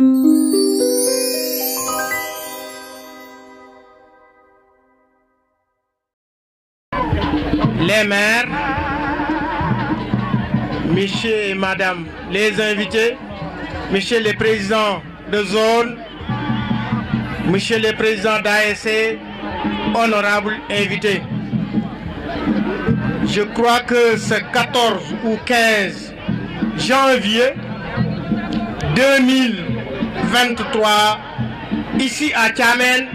Les maires, messieurs et madame les invités, messieurs les présidents de zone, messieurs les présidents d'ASC, honorables invités. Je crois que ce 14 ou 15 janvier 2000 23 ici à Tiamen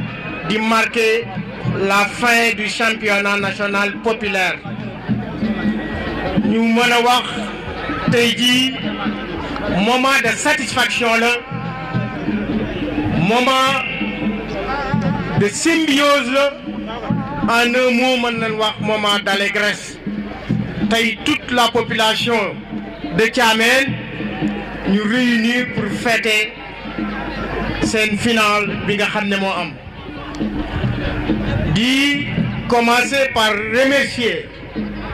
de marquer la fin du championnat national populaire nous voulons voir un moment de satisfaction un moment de symbiose un moment moment d'allégresse toute la population de Tiamen nous réunit pour fêter c'est une bi nga xamné mo am di commencer par remercier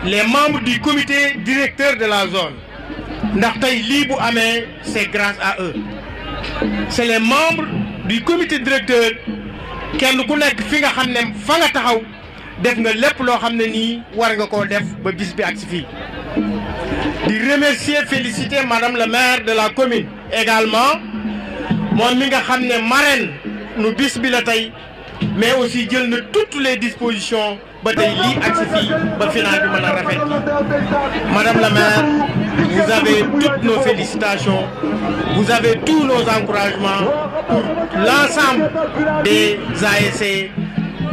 les membres du comité directeur de la zone ndax tay li bu amé c'est grâce à eux c'est les membres du comité directeur kenn ku nek fi nga xamné fa nga taxaw def nga lepp lo xamné ni war nga ko def ba bis bi di remercier féliciter madame le maire de la commune également moi, je nga marraine nu bis la mais aussi jël toutes les dispositions ba ak madame la maire vous avez toutes nos félicitations vous avez tous nos encouragements pour l'ensemble des ASC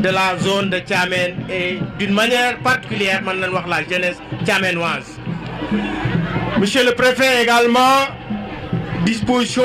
de la zone de Tiamen et d'une manière particulière maintenant la jeunesse tiamenoise. monsieur le préfet également disposition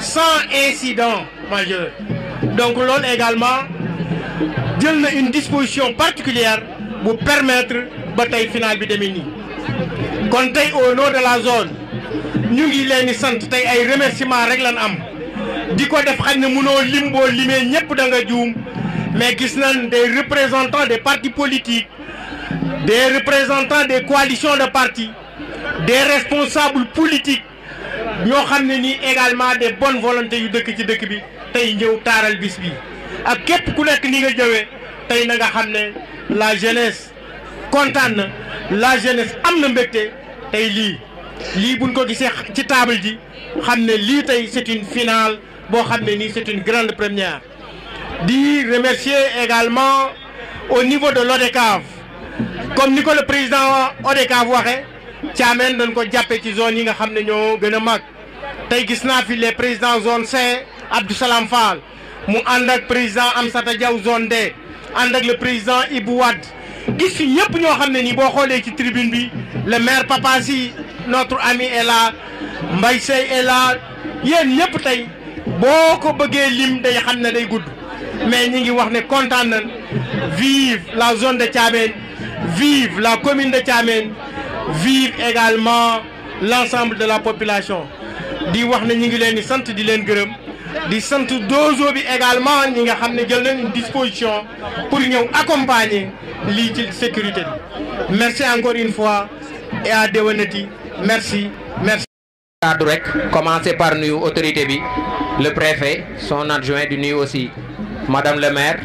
sans incident majeur donc l'on également donne une disposition particulière pour permettre la bataille finale de la Quand au nom de la zone nous, ngi leen nous remercions ay remerciements rek am def mais gis nañ des représentants des partis politiques des représentants des coalitions de partis des responsables politiques nous avons également des bonnes volontés yu dëkk ci dëkk bi tay ñëw taral bis bi ak képp ku nekk ni nga la jeunesse contane la jeunesse am na mbégte lii buñ table ji c'est une finale c'est une grande première di remercier également au niveau de l'ODECAV comme le président ODECAV Tiamène dañ ko jappé ci zone yi nga xamné ne ñoo gën a mag tey gis na fi les présidents zone C Abdou Salam Fall mu and ak président Amsata Diaw zone D and ak le président Ibou Wade gis fi ñëpp ñoo xam ne nii boo ci tribune bi le maire Papa si notre ami est là Mbaye Sey est là yeen ñëpp tay boko bëggé lim day xamné day gudd mais ñi ngi wax né kontaan nañ vive la zone de Tiamène vive la commune de Tiamène vivre également l'ensemble de la population di wax ne ñu ngi leen des centres di gërëm di dojo également ñi nga une disposition pour nous accompagner la sécurité merci encore une fois et à déwénati merci merci kaddu rek commencé par nous, autorité le préfet son adjoint du nuyu aussi madame le maire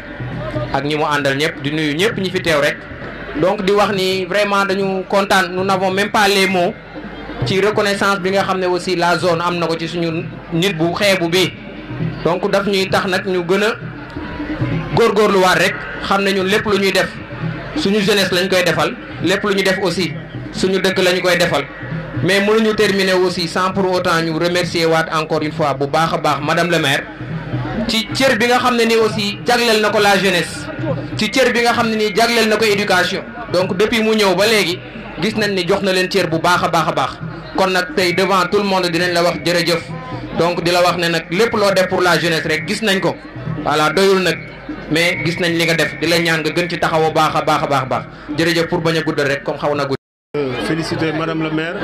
ak ñi mu àndal ñëpp di nuyu ñëpp donc di wax ni vraiment dañu content, nous n'avons même pas les mots ci reconnaissance bi nga xamné aussi la zone am na ko ci suñu nit bu xébu bi donc daf ñuy tax nak ñu gor lu war rek xamné ñun lepp lu ñuy def suñu jeunesse lañ koy défal, lepp lu ñu def aussi suñu dëkk lañ koy défal. mais mënuñu terminer aussi sans pour autant ñu remercier waat encore une fois bu baax baax madame le maire ci cër bi nga xamné ni aussi jagleel nako la jeunesse ci cër bi nga xam ne nii jagleel na ko éducation donc depuis mu ñëw ba léegi gis nañ ni jox na leen cër bu baax a baax a baax kon nag tey devant tout le monde dinañ la wax jërëjëf donc di la wax ne nag lépp loo def pour la jeunesse rek gis nañ ko voilà doyul nag mais gis nañ li nga def di la ñaan nga gën ci taxaw baax a baax a baax baax jërëjëf pour bañ a guddal rek comme xaw na gudd. féliciter madame le maire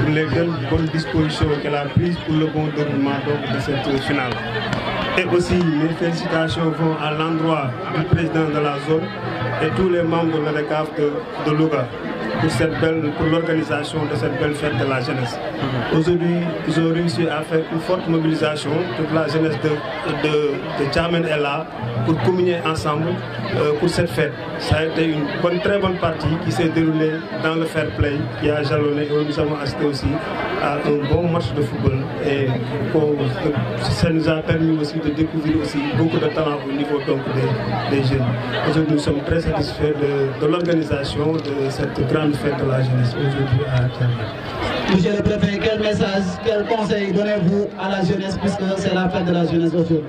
pour les bonnes dispositions qu'elle a prises pour le bon déroulement donc de cette Et aussi, mes félicitations vont à l'endroit du président de la zone et tous les membres de la de, Louga pour, pour l'organisation de cette belle fête de la jeunesse. Mhm. Aujourd'hui, nous ont réussi à faire une forte mobilisation. Toute la jeunesse de, de, de est là pour communier ensemble euh, pour cette fête. Ça a été une très bonne partie qui s'est déroulée dans le fair play qui a jalonné. Et nous avons assisté aussi à un bon match de football. Et ça nous a permis aussi de découvrir aussi beaucoup de talents au niveau des, jeunes. Aujourd'hui, nous sommes très satisfaits de, de l'organisation de cette grande grande fête de la jeunesse aujourd'hui à Monsieur le préfet, quel message, quel conseil donnez-vous à la jeunesse puisque c'est la fête de la jeunesse aujourd'hui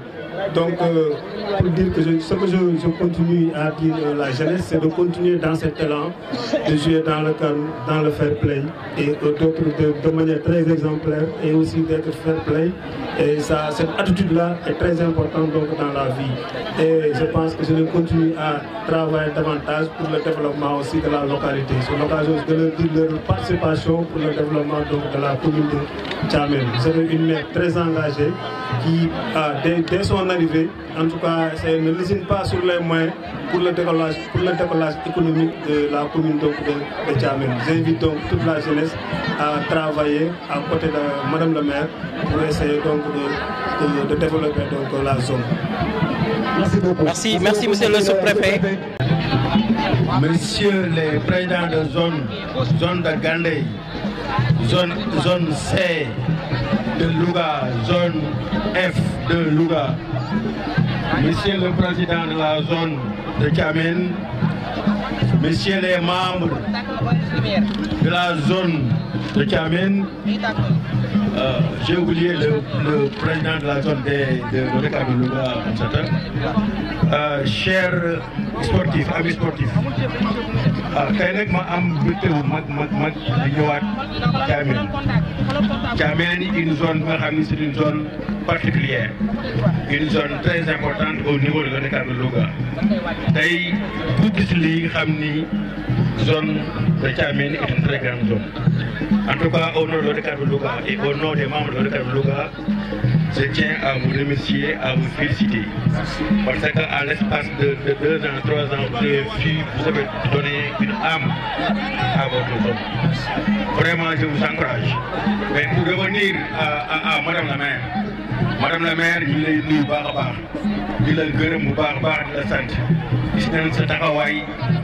donc, euh, pour dire que ce que je, continue à dire euh, la jeunesse, c'est de continuer dans cet élan, de jouer dans le calme, dans le fair play, et euh, d'autres de, manière très exemplaire, et aussi d'être fair play. Et ça, cette attitude-là est très importante donc, dans la vie. Et je pense que je vais continuer à travailler davantage pour le développement aussi de la localité. C'est l'occasion de leur participation pour le développement de la communauté de c'est une mère très engagée qui, a dès, dès son arrivée, en tout cas, ne lésine pas sur les moyens pour le décollage, économique de la commune de, de Nous J'invite donc toute la jeunesse à travailler à côté de Madame le maire pour essayer donc de, développer donc, la zone. Merci beaucoup. Merci, merci, monsieur le sous-préfet. Monsieur le président de zone, zone de Gandé, zone, zone C, de zone F de Louga. Monsieur le Président de la zone de Kamel, Messieurs les membres de la zone de Kamel, euh, j'ai oublié le, président de la zone de, de, de Louga, Euh, chers sportifs amis sportifs euh, tey nag ma am mbégte wu mag mag mag di ñëwaat Thiamène Thiamène une zone bi nga xam ni c'est une zone particulière une zone très importante au niveau de la décate de Louga tey bu gis lii xam ni zone de Thiamène est une très grande zone en tout cas au nom de la décate de Louga et au nom des membres de la décate de Louga je tiens à vous remercier, à vous féliciter. Parce qu'à l'espace de, deux ans, trois ans, vous avez vous avez donné une âme à votre homme. Vraiment, je vous encourage. Mais pour revenir à, à, Madame la maire, Madame la maire il est une barbare, il est le barbare de la sainte.